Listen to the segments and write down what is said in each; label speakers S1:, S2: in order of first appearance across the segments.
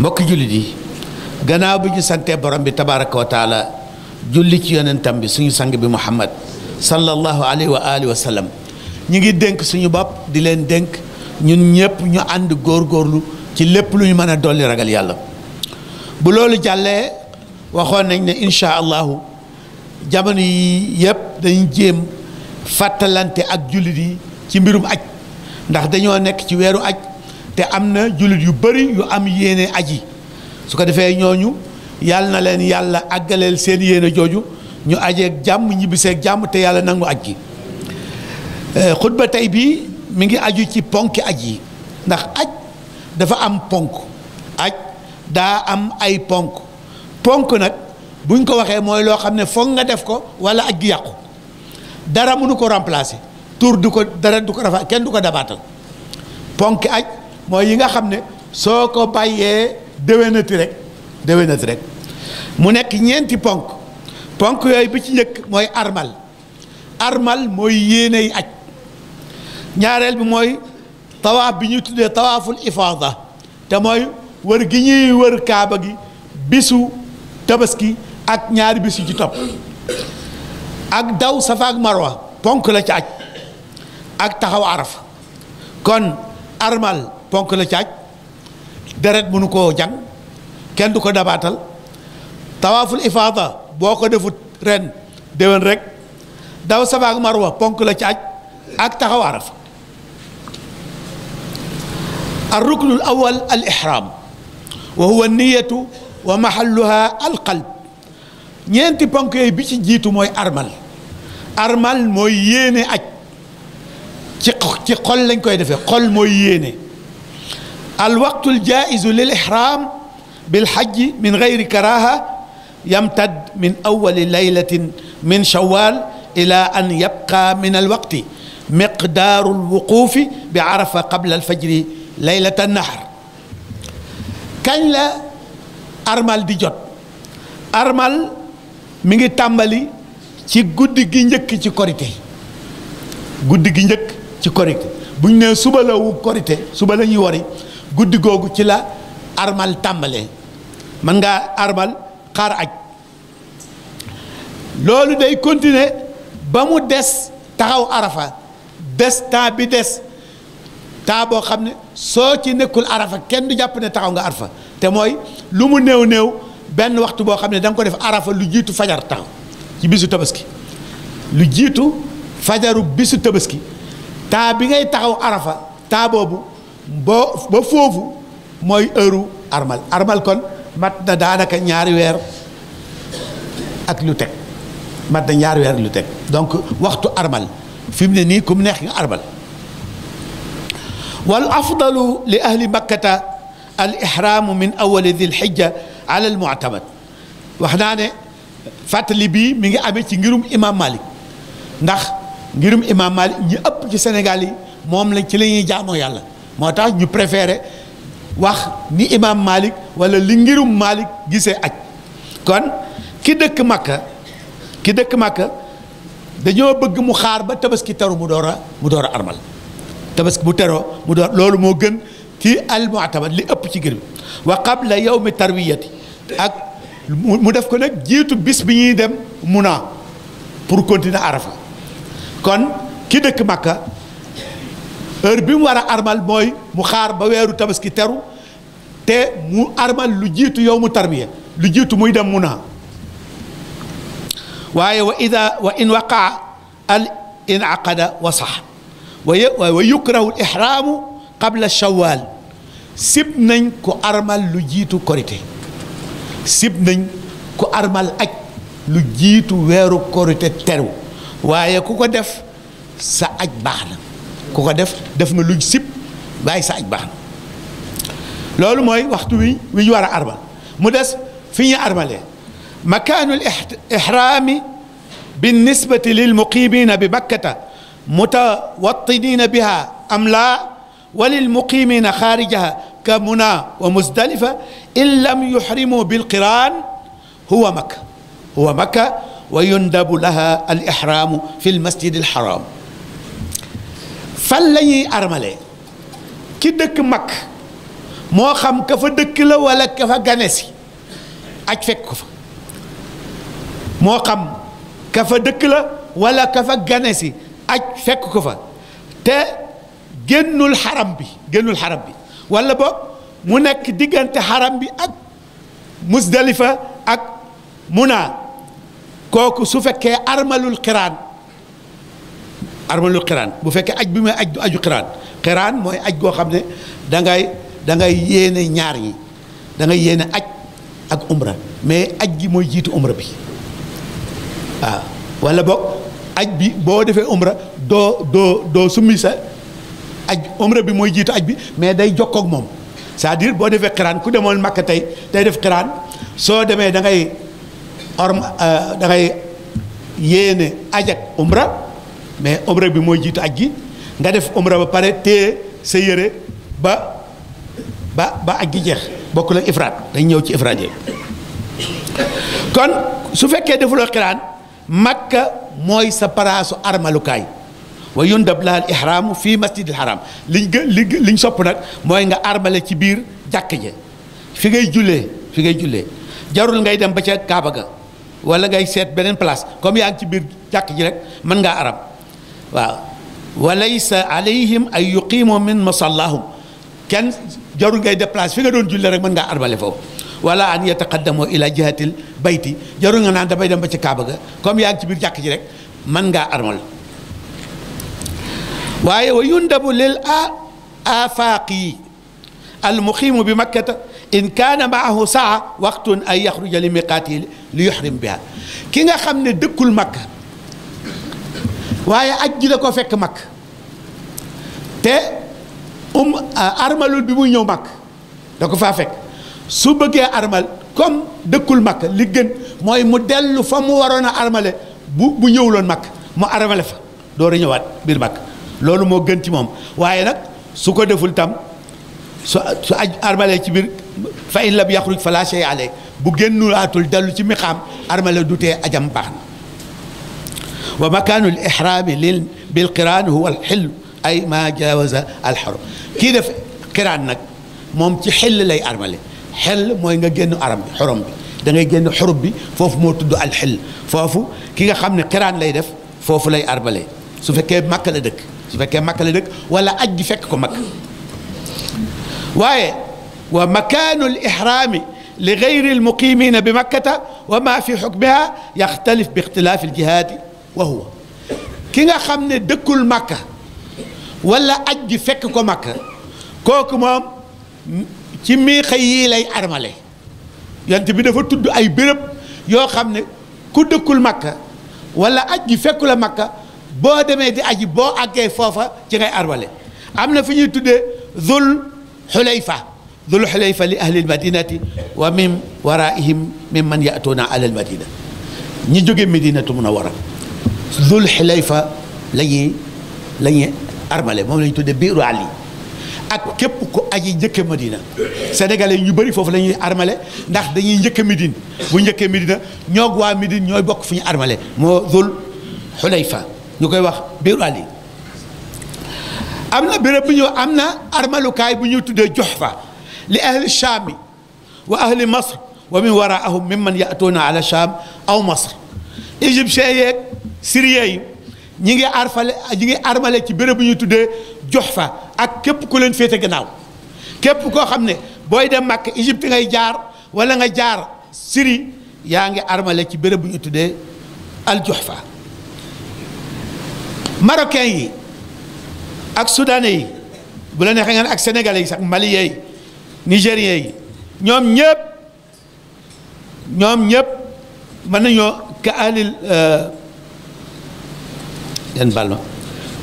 S1: mbokki jullit yi gannaaw bi ñu santee borom bi tabaraka wa taala julli ci yonentam bi suñu sang bi muhammad sallallahu alayhi wa alihi wa sallam ñu ngi dénk suñu bopp di leen dénk ñun ñëpp ñu ànd góor góorlu ci lépp lu ñu mën a dolli ragal yàlla bu loolu jàllee waxoon nañ ne incha allahu jamono yi yëpp dañu jéem fàttalante ak jullit yi ci mbirum aj ndax dañoo nekk ci weeru aj te am na jullit yu bëri yu am aj yi su ko defee ñooñu yàlla na leen yàlla àggaleel seen yéene jooju ñu ajeeg jàmm ñibbiseek jàmm te yàlla nangu aj gi eh, xutba tey bii mu ngi aju ci ponki aj yi ndax aj dafa am ponk aj daa am ay ponk ponk nag buñ ko waxee mooy loo xam ne foog nga def ko wala aj gi yàqu dara mënu ko remplacer tur du ko dara du ko rafa kenn du ko dabaatal ponki aj mooy yi nga xam ne soo ko bàyyee déwénati rek déwénati rek mu nekk ñeenti ponk ponk yooyu bi ci njëkk mooy armal armal mooy yéeney aj ñaareel bi mooy tawaaf bi ñuy tuddee tawaaful ifaada te mooy wër gi ñuy wër kaaba gi bisu tabaski ak ñaar bisu ci topp ak daw safa ak marwa ponk la ci aj ak taxaw araf kon armal ponk la caaj deret mënu koo jàng kenn du ko dabaatal tawaaful ifaada boo ko defut ren déwén rek daw Safa ak Marwa ponk la caaj ak taxaw Arafa al ruknul awal al ihram wa huwa niyatu wa mahalluha al qalb ñeenti ponk yooyu bi ci jiitu mooy armal armal mooy yéene aj ci ci xol lañ koy defe xol mooy yéene الوقت الجائز للإحرام بالحج من غير كراهة يمتد من أول ليلة من شوال إلى أن يبقى من الوقت مقدار الوقوف بعرفة قبل الفجر ليلة النحر kañ la armal di jot armal mi ngi tàmbali ci guddi gi njëkk ci korité guddi gi njëkk ci korité bu ñu nee suba la wu korité suba la ñuy wari guddi googu ci la armal tàmbalee man ngaa armal xaar aj loolu day continuer ba mu des taxaw arafa des temps bi des temps boo xam ne soo ci nekkul arafa kenn du jàpp ne taxaw nga arafa te mooy lu mu néew néew benn waxtu boo xam ne danga ko def arafa lu jiitu fajar taxaw ci bisu tabaski lu jiitu fajaru bisu tabaski temps bi ngay taxaw arafa temps boobu ba ba foofu mooy heure armal armal kon mat na daanaka ñaari weer ak lu teg mat na ñaari weer ak lu teg donc waxtu armal fi mu ne nii kum neex nga armal wal afdalu li ahli makkata al ihraamu min awali dil xijja ala al mu'tamad wax naa ne fàttali bii mi ngi amee ci ngirum imam malik ndax ngirum imam malik ñi ëpp ci sénégal yi moom lañ ci la ñuy jaamoo yàlla moo tax ñu préféré wax ni imaam Malik wala li ngirum Malik gisee aj kon ki dëkk Makka ki dëkk Makka dañoo bëgg mu xaar ba tabaski teru mu door a mu door a armal tabaski bu teroo mu door loolu moo gën ci al li ëpp ci gër wa qabla yawmi tarwiyati ak mu def ko nag jiitu bis bi ñuy dem Muna pour continuer Arafa kon ki dëkk Makka heure bi mu war a armal mooy mu xaar ba weeru tabaski teru te mu armal lu jiitu yow mu tarbiya lu jiitu muy dem Muna waaye wa ida wa in waqaa al inaqada wa sax wa wa yukrahu al ihraamu qabla shawal sib nañ ko armal lu jiitu korite sib nañ ko armal aj lu jiitu weeru korite teru waaye ku ko def sa aj baax na ku ko def def nga luñ sib bàyyi sa aj baax na loolu mooy waxtu wi wi ñu war a armal mu des fi ñu armalee makaanul ixraami binnisbati lil muqimina bi makkata mutawattinina biha am laa wa lil muqimina xaarijaha ka muna wa musdalifa in lam yuxrimu bilqiraan huwa makka huwa makka wa yundabu laha al ixraamu fi lmasjid alxaraam fan lañuy ñuy armale ki dëkk mag moo xam ka fa dëkk la walla ka fa gane si aj fekk ko fa moo xam ka fa dëkk la wala ka fa gane aj fekk ko fa te génnul xaram bi génnul xaram bi walla boog mu nekk diggante xaram bi ak musdalifa ak munaa kooku su fekkee armalul xiraan armalu xiraan bu fekkee aj bi muy aj aju xiraan xiraan mooy aj goo xam ne da ngay da ngay yéene ñaar yi dangay ngay yéene aj ak umra mais aj gi mooy jiitu umra bi waaw wala boog aj bi boo defee umra doo doo doo summi sa aj umra bi mooy jiitu aj bi mais day jokkoog moom saa à boo defee xiraan ku demoon makk tey tey def xiraan soo demee da ngay orm euh, da ngay yéene aj ak umra mais omra bi mooy jiitu aj gi nga def omra ba pare téye sa yére ba ba ba aj gi jeex bokk ak ifraat dañ ñëw ci ifraat yi kon su fekkee defuloo xiraan makka mooy sa paraasu armalukaay wa yundab laal ihraamu fii masjidil haram liñ gë liñ sopp nag mooy nga armale ci biir jàkk je fi ngay jullee fi ngay jullee jarul ngay dem ba ca Kaaba ga wala ngay seet beneen place comme yaa ngi ci biir jàkk ji rek mën ngaa arab waaw wa laysa alayhim ay yuqimu min masallahum kenn jarul ngay déplace fi nga doon julli rek mën ngaa arbale foofu wala an yataqaddamu ila jihatil bayti jarul nga naan damay dem ba ci kaaba ga comme yaa ngi ci biir jàkk ji rek mën ngaa armal waaye wa yundabu lil afaaqi al muqimu bi makkata in kaana maahu saa waqtun ay yaxruja li miqaatihi li yuxrim biha ki nga xam ne dëkkul makka waaye aj gi da ko fekk mag te um armalul bi muy ñëw mag da ko faa fekk su bëggee armal comme dëkkul mag li gën mooy mu dellu fa mu waroon a armale bu bu ñëwuloon mag mu armale fa door a ñëwaat biir mag loolu moo gën ci moom waaye nag su ko deful tam su su aj armalee ci biir fa in lam yaxruj fa laa shay alay bu génnulaatul dellu ci miqaam armale du tee ajam baax na wa makaanu l ihrami lil bil qiraan huwa al xillu ay ma jawaza al xaram kii def qiraan nag moom ci xel lay armale xel mooy nga génn aram bi xorom bi da ngay génn xurub bi foofu moo tudd al xel foofu ki nga xam ne qiraan lay def foofu lay armale su fekkee makka la dëkk su fekkee makka la dëkk wala aj gi fekk ko makka waaye wa makaanu l ihrami li gayri al muqimina bi makkata wa ma fi xukmiha yaxtalif bi ixtilaafi al jihaati waxuwa ki nga xam ne dëkkul màkka wala aj gi fekk ko màkka kooku moom ci mii yii lay armale yant bi dafa tudd ay béréb yoo xam ne ku dëkkul màkka wala aj gi fekku la makka boo demee di aji boo àggee foofa ci ngay armale am na fi ñuy tuddee zul xulayfa zul xulayfa li ahli almadinati wa min waraihim min man yatuuna ala almadina ñi jóge medinatu munawara Zul Xilayfa la ñuy la ñuy armale moom la ñu tuddee biiru àll ak képp ku aji njëkk Medina sénégalais yi ñu bëri foofu la ñuy armale ndax dañuy njëkk Medine bu njëkkee Medina ñoog waa Medine ñooy bokk fu ñu armale moo Zul Xulayfa ñu koy wax biiru àll am na béréb bu ñu am na armalukaay bu ñuy tuddee Juhfa li ahli Shaami wa ahli Masr wa min waraahum mimman yatuuna ala Shaam aw Masr égyptien yeeg syriens yi ñi ngi arfale ñi ngi armale ci béréb bu ñuy tuddee jox fa ak képp ku leen féete gannaaw képp koo xam ne booy dem màkk Égypte ngay jaar wala nga jaar Syrie yaa ngi armale ci béréb bu ñu tuddee al jox fa marocain yi ak soudanais yi bu la neexee ngeen ak sénégalais yi sax maliens yi nigériens yi ñoom ñëpp ñoom ñëpp mën nañoo ka alil euh, ngeen bal ma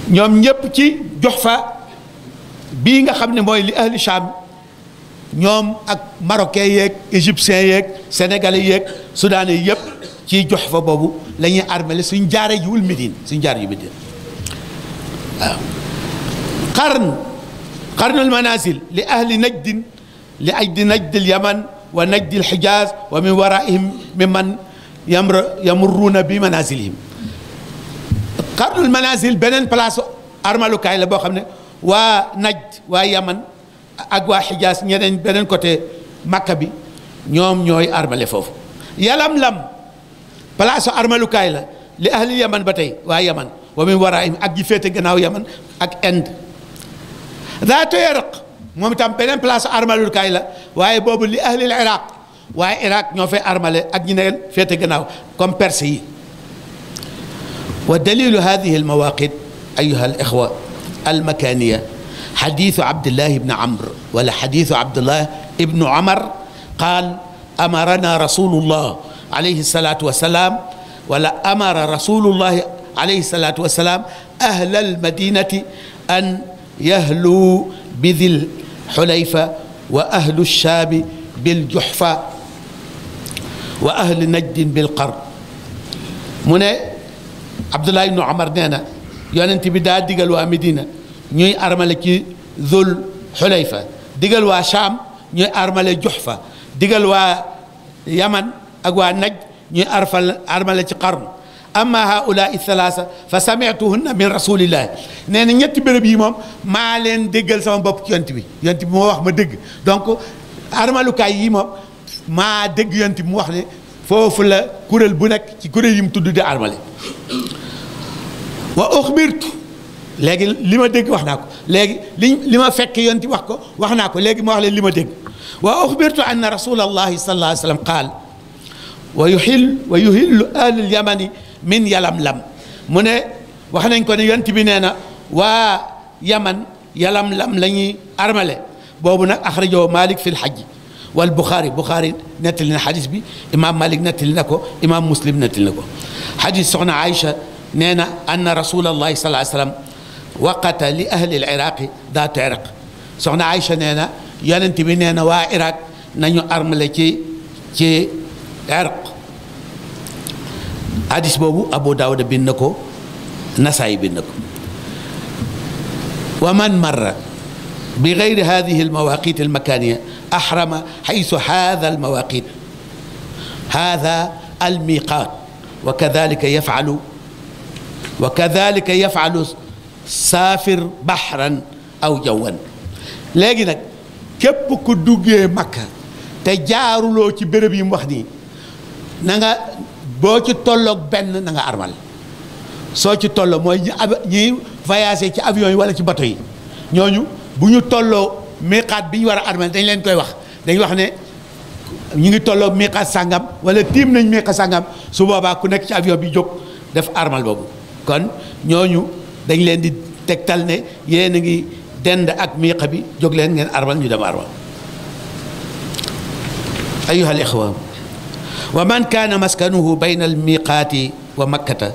S1: ñoom ñëpp ci jox fa bii nga xam ne mooy li ahli Cham ñoom ak marocain yeeg égyptien yeeg sénégalais yeeg soudanais yëpp ci jox fa boobu la ñuy armele suñ jaare jiwul Médine suñ jaare ji Médine waaw qarn qarnul manazil li ahli najdin li ajdi najd al yaman wa najd al hijaz wa min waraihim mimman yamruuna bi manazilihim xarnul manazil beneen place armalukaay la boo xam ne waa Najd waa Yaman ak waa Xijaas ñeneen beneen côté Makka bi ñoom ñooy armale foofu yalam lam place armalukaay la li ahli Yaman ba tey waa Yaman wa min waraahim ak ji féete gannaaw Yaman ak Inde Zaatu Yaraq moom itam beneen place armalukaay la waaye boobu li ahli Iraq waaye Iraq ñoo fay armale ak ñi ne féete gannaaw comme Perse yi ودليل هذه المواقد أيها الإخوة المكانية حديث عبد الله بن عمرو ولا حديث عبد الله ابن عمر قال أمرنا رسول الله عليه الصلاة والسلام ولا أمر رسول الله عليه الصلاة والسلام أهل المدينة أن يهلوا بذي الحليفة وأهل الشاب بالجحفة وأهل نجد بالقرب mu ne abdullah ibnu omar nee na yonent bi daa digal waa Medina ñuy armale ci zul xulayfa digal waa Cham ñuy armale Juhfa digal waa yaman ak waa naj ñuy arfal armale ci Qarn amma haula thalaasa fa samituhunna min rasulillahi nee na ñetti béréb yi moom maa leen déggal sama bopp ci yont bi yont bi moo wax ma dégg donc armalukaay yi moom maa dégg yont bi mu wax ne foofu la kuréel bu nekk ci kuréel yi mu tudd di armale wa uxbirtu léegi li ma dégg wax naa ko léegi li li ma fekk yonti wax ko wax naa ko léegi ma wax leen li ma dégg wa uxbirtu anna rasulallahi sallallahu alayhi wa sallam qaal wa yuxil wa yuhillu ahlul yamani min yalamlam mu ne wax nañ ko ne yont bi nee na waa yaman yalamlam la ñuy armale boobu nag axrajahu malik fi lxajji wal buxaari buxaari nettali na xadis bi imaam malik nettali na ko imaam muslim nettali na ko xadis soxna Aïcha nee na anna rasulallahi sallallahu alayhi wa sallam waqata li ahli al iraqi daatu iraq soxna Aïcha nee na yonent bi nee na waa iraq nañu armale ci ci iraq hadis boobu Abu Daawuda bind na ko Nasaay bind na ko wa man marra bi gayri hadihi almawaqit almakaniya ahrama xaysu hada almawaqit hada almiqat wa kadalika yafalu wa kadalika yafalu saafir baxran aw jawwan léegi nag képp ku duggee makka te jaaruloo ci béréb yi mu wax nii na nga boo ci tolloog benn nanga armal soo ci tolloo mooy ñi ab ñi voyagé ci yi wala ci bato yi ñooñu bu ñu tolloo miqaat bi ñu war a armal dañ leen koy wax dañ wax ne ñu ngi tolloo miqaat sàngam wala tiim nañ miqaat sangam su boobaa ku nekk ci avion bi jog def armal boobu kon ñooñu dañ leen di tegtal ne yéen a ngi dend ak miiqa bi jóg leen ngeen armal ñu dem armal ayuha al ixwa wa man kaana maskanuhu bayna al miiqaati wa makkata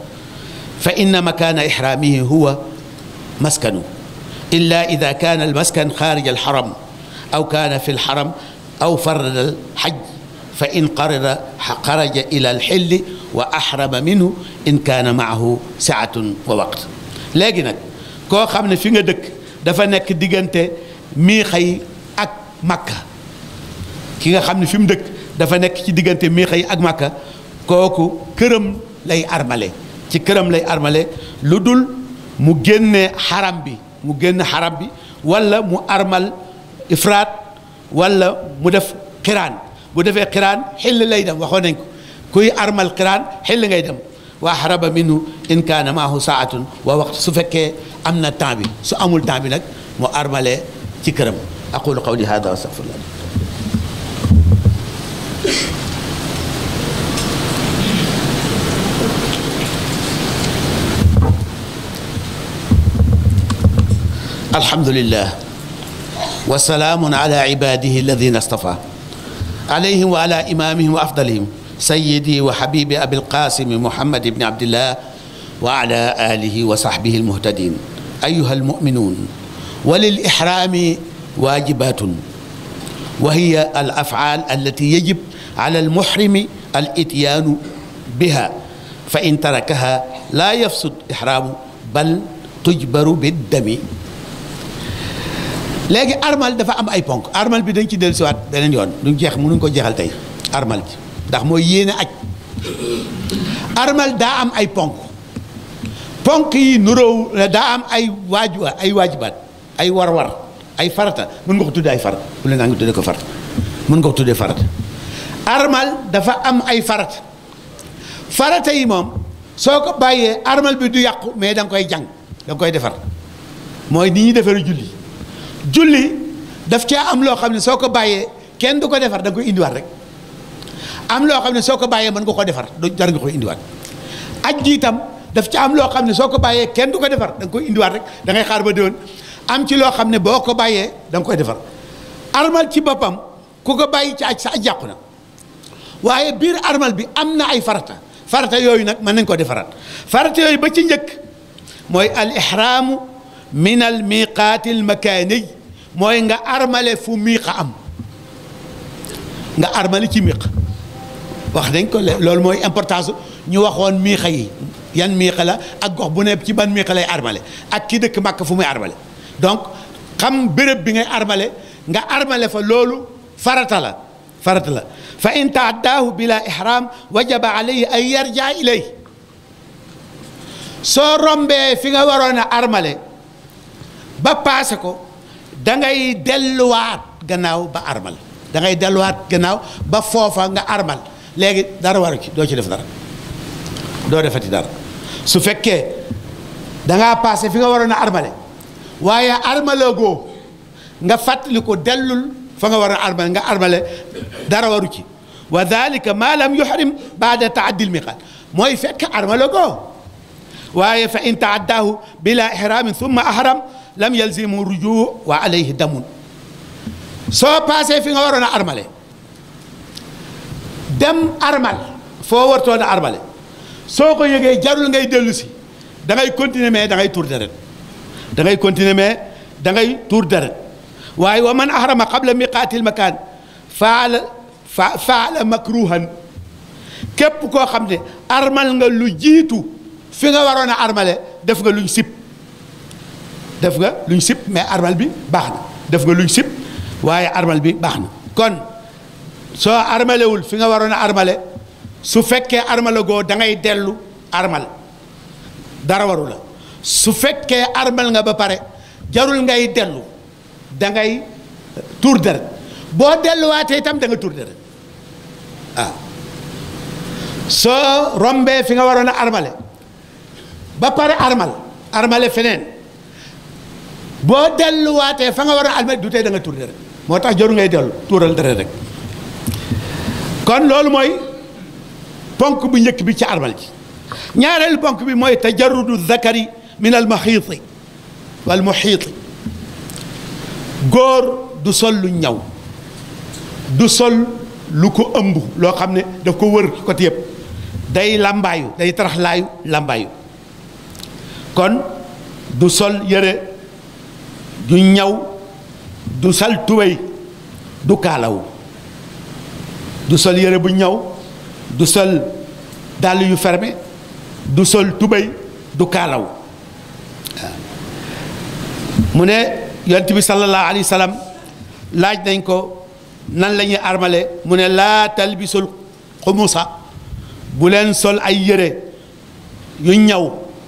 S1: fa inna makaana ixraamihi huwa maskanu illa ida kaana al maskan xaarij al xaram aw kaana fi al xaram aw farada al xaj fa in qarada xaraja ila al xilli waa ahraba minhu in kaana maahu saatun wa waqt léegi nag koo xam ne fi nga dëkk dafa nekk diggante miixay ak makka ki nga xam ne fi mu dëkk dafa nekk ci diggante miixay ak makka kooku këram lay armale ci këram lay armale lu dul mu génne xaram bi mu génne xaram bi wala mu armal ifraat walla mu def xiraan bu defee xiraan xill lay dem waxoon nañ ko kuy armal qiraan xel ngay dem wa ahraba minhu in kaana maahu saatun wa waxtu su fekkee am na temps bi su amul temps bi nag mu armalee ci këram aqulu qawli hada wa astaghfirullah alhamdulillah wa salaamun ala ibadihi alladina astafa alayhim wa ala imamihim wa afdalihim sayyidi wa habibi abil qaasimi muhammad ibni abdillah wa ala alihi wa sahbihi almuhtadin ayyuha almu'minuun wa lil ihraami waajibaatun wa hiya al af'aal allati yajib ala almuhrimi al ityaanu biha fa in tarakaha laa yafsud ihraamu bal tujbaru bi dami léegi armal dafa am ay ponk armal bi dañ ci dellusiwaat beneen yoon duñ jeex mënuñ ko jeexal tey armal bi ndax mooy yéene aj armal daa am ay ponk ponk yi nuróow daa am ay waaju ay waajibaat ay war-war ay farata mën nga ko tuddee ay farata ngi tuddee ko farata mën nga tuddee farata armal dafa am ay farata farata yi moom soo ko bàyyee armal bi du yàqu mais danga koy jàng da koy defar mooy ni ñuy defaree julli julli daf caa am loo xam ne soo ko bàyyee kenn du ko defar da koy indiwaat rek am loo xam ne soo ko bàyyee mën nga koo defar du jar nga koy indiwaat aj ji daf ci am loo xam ne soo ko bàyyee kenn du ko defar da nga koy indiwaat rek da xaar ba déwén am ci loo xam ne boo ko bàyyee da nga koy defar armal ci boppam ku ko bàyyi ci aj sa aj yàqu na waaye biir armal bi am na ay farata farata yooyu nag mën nañ koo defaraat farata yooyu ba ci njëkk mooy al ihraamu min al miqaati al makaani mooy nga armale fu miiqa am nga armale ci miiq wax nañ ko loolu mooy importance ñu waxoon miixa yi yan miixa la ak gox bu ne ci ban miixa lay armale ak kii dëkk Màkka fu muy armale donc xam béréb bi ngay armale nga armale fa loolu farata la farata la fa inta taaddaahu bila ihram wajaba alayhi an yarja ilay soo rombee fi nga waroon a armale ba paase ko da ngay delluwaat gannaaw ba armal da ngay delluwaat gannaaw ba foofa nga armal léegi dara waru ci doo ci def dara doo defati dara su fekkee danga passé fi nga waroon a armale waaye armale nga fàttali ko dellul fa nga war a armale nga armale dara waru ci wa dalika ma lam mooy fekk armale goo waaye fa in taaddaahu bila ihramin summa ahram lam yalzimu rujuu wa alayhi soo passé fi nga waroon a armale dem armal foo wartoon armale soo ko yëgee jarul ngay dellusi si da ngay continuer mais da ngay tuur deret da ngay mais da ngay tuur deret waaye wa man ahrama qabla miqaatil makaan faala fa faala makruhan képp koo xam ne armal nga lu jiitu fi nga waroon a armale def nga luñ sip def nga luñ sip mais armal bi baax na def nga lu sip waaye armal bi baax na soo armalewul fi nga waroon a armale su fekkee armale goo da ngay dellu armal dara waru su fekkee armal nga ba pare jarul ngay dellu dangay ngay tuur deret boo delluwaatee itam da nga tuur deret ah. soo rombee fi nga waroon a armale ba pare armal armale feneen boo delluwaatee fa nga waroon a armale du tee da nga tuur deret moo tax jarul ngay dellu tuural deret rek kon loolu mooy ponk bu njëkk bi ci armal ji ñaareel ponk bi mooy tajarudu zakari min al maxiiti wal muxiiti góor du sol lu ñaw du sol lu ko ëmb loo xam ne da ko wër côté yëpp day làmbaayu day taraxlaayu làmbaayu kon du sol yëre du ñaw du sol tubéy du kaalawu du sol yére bu ñaw du sol dàll yu fermé du sol tubéy du kaalaw waaw mu ne yonent bi sallallahu alayhi wa sallam laaj nañ ko nan la ñuy armale mu ne laa talbisul xumusa bu leen sol ay yére yu ñaw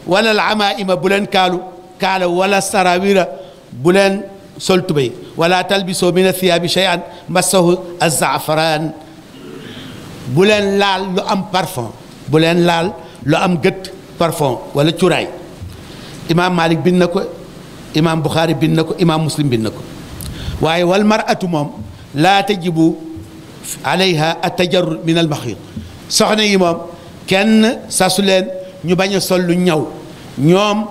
S1: wala al amaima bu leen kaalu kaala wala sarawira bu leen sol tubéy wala talbisoo min athiyaabi cheyan massahu azzaafraan buleen laal lu am parfon bu leen laal lu am gët parfon wala cuuraay imaam Malik bind na ko imaam Buxaari bind na ko imaam Muslim bind na ko waaye wal maratu moom laa tajibu alayha atajarrud min al maxyid soxna yi moom kenn sasu leen ñu bañ a sol lu ñaw ñoom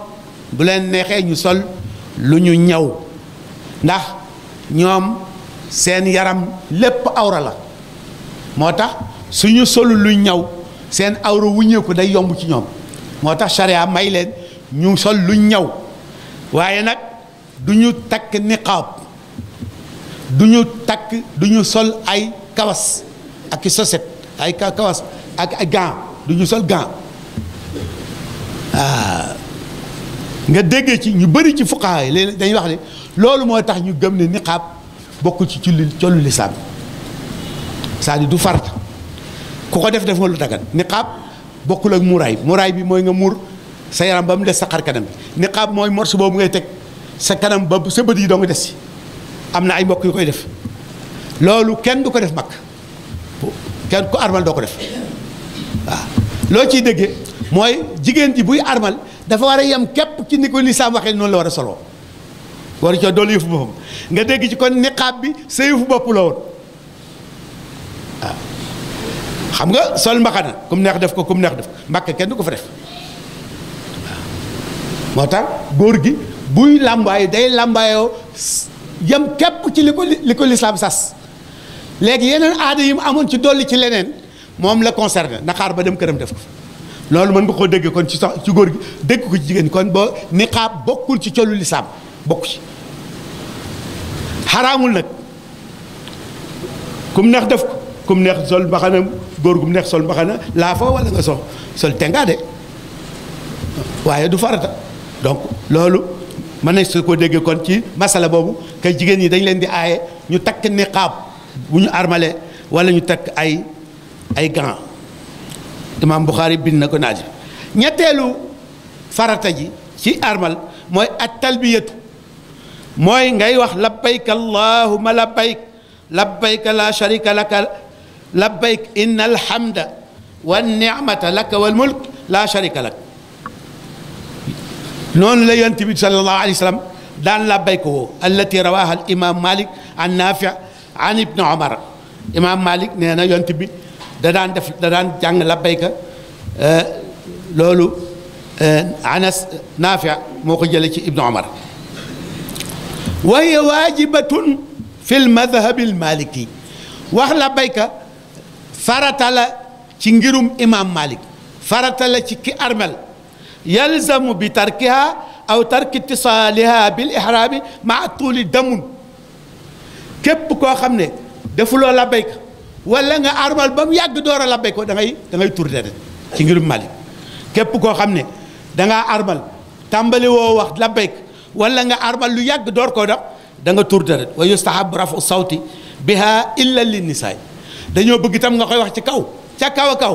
S1: buleen neexee ñu sol lu ñu ñaw ndax ñoom seen yaram lépp awra la moo tax suñu solu luy ñaw seen awra wuñeeku day yomb ci ñoom moo tax charia may leen ñu sol luñ ñaw waaye nag du ñu takk niqaab du ñu takk du sol ay kawas ak soset ay kawas ak ay gant du ñu sol gant nga déggee ci ñu bëri ci fuqaha yi léeg dañuy wax ne loolu moo tax ñu gëm ne niqaab bokkul ci collu lislaam c'est-à-dire du farata ku ko def def nga lu dagan niqaab bokkul ak muuraay muuraay bi mooy nga muur sa yaram ba mu des sa xar kanam bi niqaab mooy morse boobu ngay teg sa kanam ba sa bët yi doo nga des si am na ay mbokk yu koy def loolu kenn du ko def mag kenn ku armal doo ko def waaw loo ciy déggee mooy jigéen ji buy armal dafa war a yem képp ci ni ko lislaam waxee noonu la war a soloo waru coo doolu yëfu boppam nga dégg ci kon niqaab bi sa yëfu bopp la woon xam nga sol mbaxana kum neex def ko kum neex def mbakk kenn ko fa def moo tax góor gi buy làmbaayu day làmbaayoo yem képp ci li ko li ko lislaam sas léegi yeneen aada yi mu amoon ci dolli ci leneen moom la concerné na xaar ba dem këram def ko loolu mën nga koo dégg kon ci sax ci góor gi dégg ko ci jigéen kon ba niqaab bokkul ci colu lislaam bokk ci xaraamul nag kum neex def ko ku neex sol mbaxana góor gu neex sol mbaxana laa fa nga so sol tengaa de waaye du farata donc loolu mën nañ su ko déggee kon ci masala boobu kay jigéen ñi dañ leen di aaye ñu takk niqaab bu ñu armale walla ñu takk ay ay gants imaam Buxaari bind na ko naaj ñetteelu farata ji ci armal mooy at talbiyatu mooy ngay wax labbayk allahumma labbayk labbayka sharika laka labbayk inna alhamda wa ni'mata laka wal mulk laa sharika lak noonu la yonent bi sallallahu alayhi wa sallam daan labbayk woo allati rawaaha al imaam Malik an Naafi' an Ibn Omar imaam Malik nee na yonent bi da daan def da daan jàng labbayka eh, loolu eh, Anas Naafi' moo ko jëlee ci Ibn Omar wa hiya waajibatun fi al madhabi al maliki wax labbayka farata ci ngirum imam malik farata ci ki armel yalzamu bi tarkiha aw tarki itisaaliha bil ihrami maa damun képp koo xam ne defuloo labbayka wala nga armal ba mu yàgg door a labbay ko da ci ngirum malik képp koo xam ne dangaa armal tàmbali wax labbayk wala nga armal lu yàgg door ko def da nga tur deret wa yustahabu rafu sawti biha illa li nisaay dañoo bëgg itam nga koy wax ci kaw ca kaw a kaw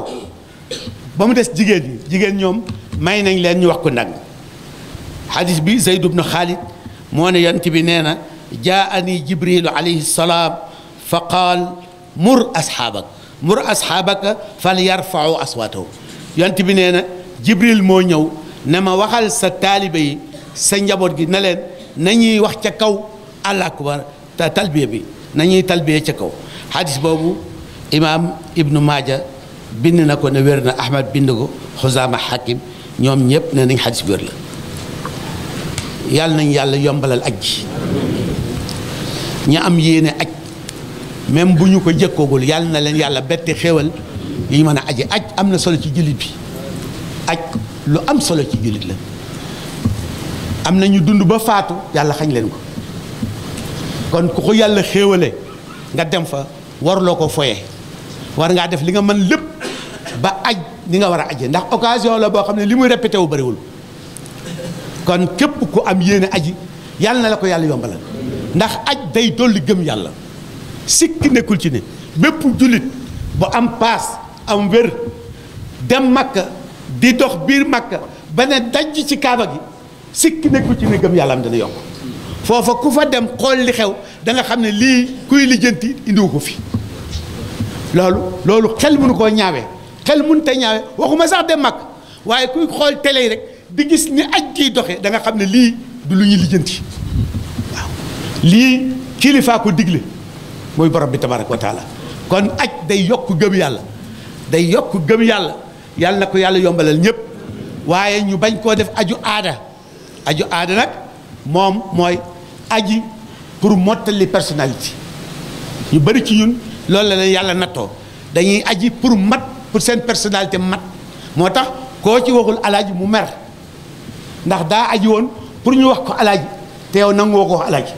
S1: ba mu des jigéen ñi jigéen ñoom may nañ leen ñu wax ko nag xadis bi Zayd ibn Xaalid moo ne bi nee na jaani jibrilu alayhi salaam fa qaal mur asxaabak mur asxaabaka fal yarfau aswaatahu bi nee na jibril moo ñëw ne ma waxal sa taalibe sa njaboot gi ne leen nañuy wax ca kaw àllaakubar talbiya bi nañuy talbiya ca kaw xadis boobu imaam ibnu maaja bind na ko ne wér na ahmad bind ko xusaama hakim ñoom ñëpp ne nañ xadis bi wér la yàlla nañ yàlla yombalal aj ji ñu am yéene aj même bu ñu ko jëkkoogul yàlla na leen yàlla bette xéewal yi ñu mën a aji aj am na solo ci jullit bi aj lu am solo ci jullit la am na ñu dund ba faatu yàlla xañ leen ko kon ku ko yàlla xéewale nga dem fa warloo ko foye war ngaa def li nga mën lépp ba aj li nga war a aje ndax occasion la boo xam ne li muy répété wu bëriwul kon képp ku am yéene aji yàlla na la ko yàlla yombalal ndax aj day dolli gëm yàlla sikki nekkul ci ne bépp jullit bu am paas am wér dem makk di dox biir makka ba ne dajj ci kaaba gi sikki nekkul ci ne gëm yàlla am dana yokk foofa ku fa dem xool li xew danga xam ne lii kuy lijjanti indiwu ko fi loolu loolu xel mënu koo ñaawee xel mënu te ñaawee waxuma sax dem mag waaye kuy xool télé yi rek di gis ni aj giy doxe danga xam ne lii du lu ñuy lijjanti waaw lii kilifaa ko digle mooy borom bi tabaaraka wa kon aj day yokk gëm yàlla day yokk gëm yàlla yàlla na ko yàlla yombalal ñëpp waaye ñu bañ koo def aju aada aju aada nag moom mooy aji pour mottali personnalité ñu bari ci ñun loolu la leen yàlla nattoo dañuy aji pour mat pour seen personnalité mat moo tax koo ci waxul alaaji mu mer ndax daa aji woon pour ñu wax ko alaaji te yow nangoo ko wax alaaji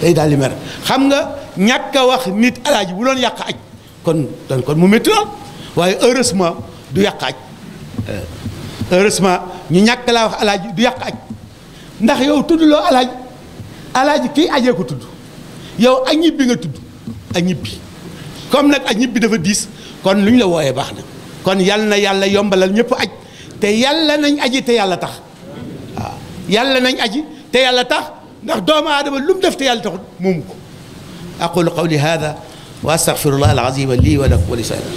S1: day daal di mer xam nga ñàkk a wax nit alaaji bu doon yàq aj kon doon kon mu métti lool waaye heureusement du yàq aj euh, heureusement ñu ñàkk laa wax alaaji du yàq aj ndax yow tudd loo alaaji alaaji kii ajee ko tudd yow ak ñibbi nga tudd añib bi comme nag añib bi dafa diis kon lu ñu la wooyee baax na kon yal na yàlla yombalal ñëpp aj te yàlla nañ aji te yàlla tax waaw yàlla nañ aji te yàlla tax ndax doomu aadama lu mu def te yàlla taxut moomu ko aqulu qawli hada wa astaghfirullah alazim li wa lakum wa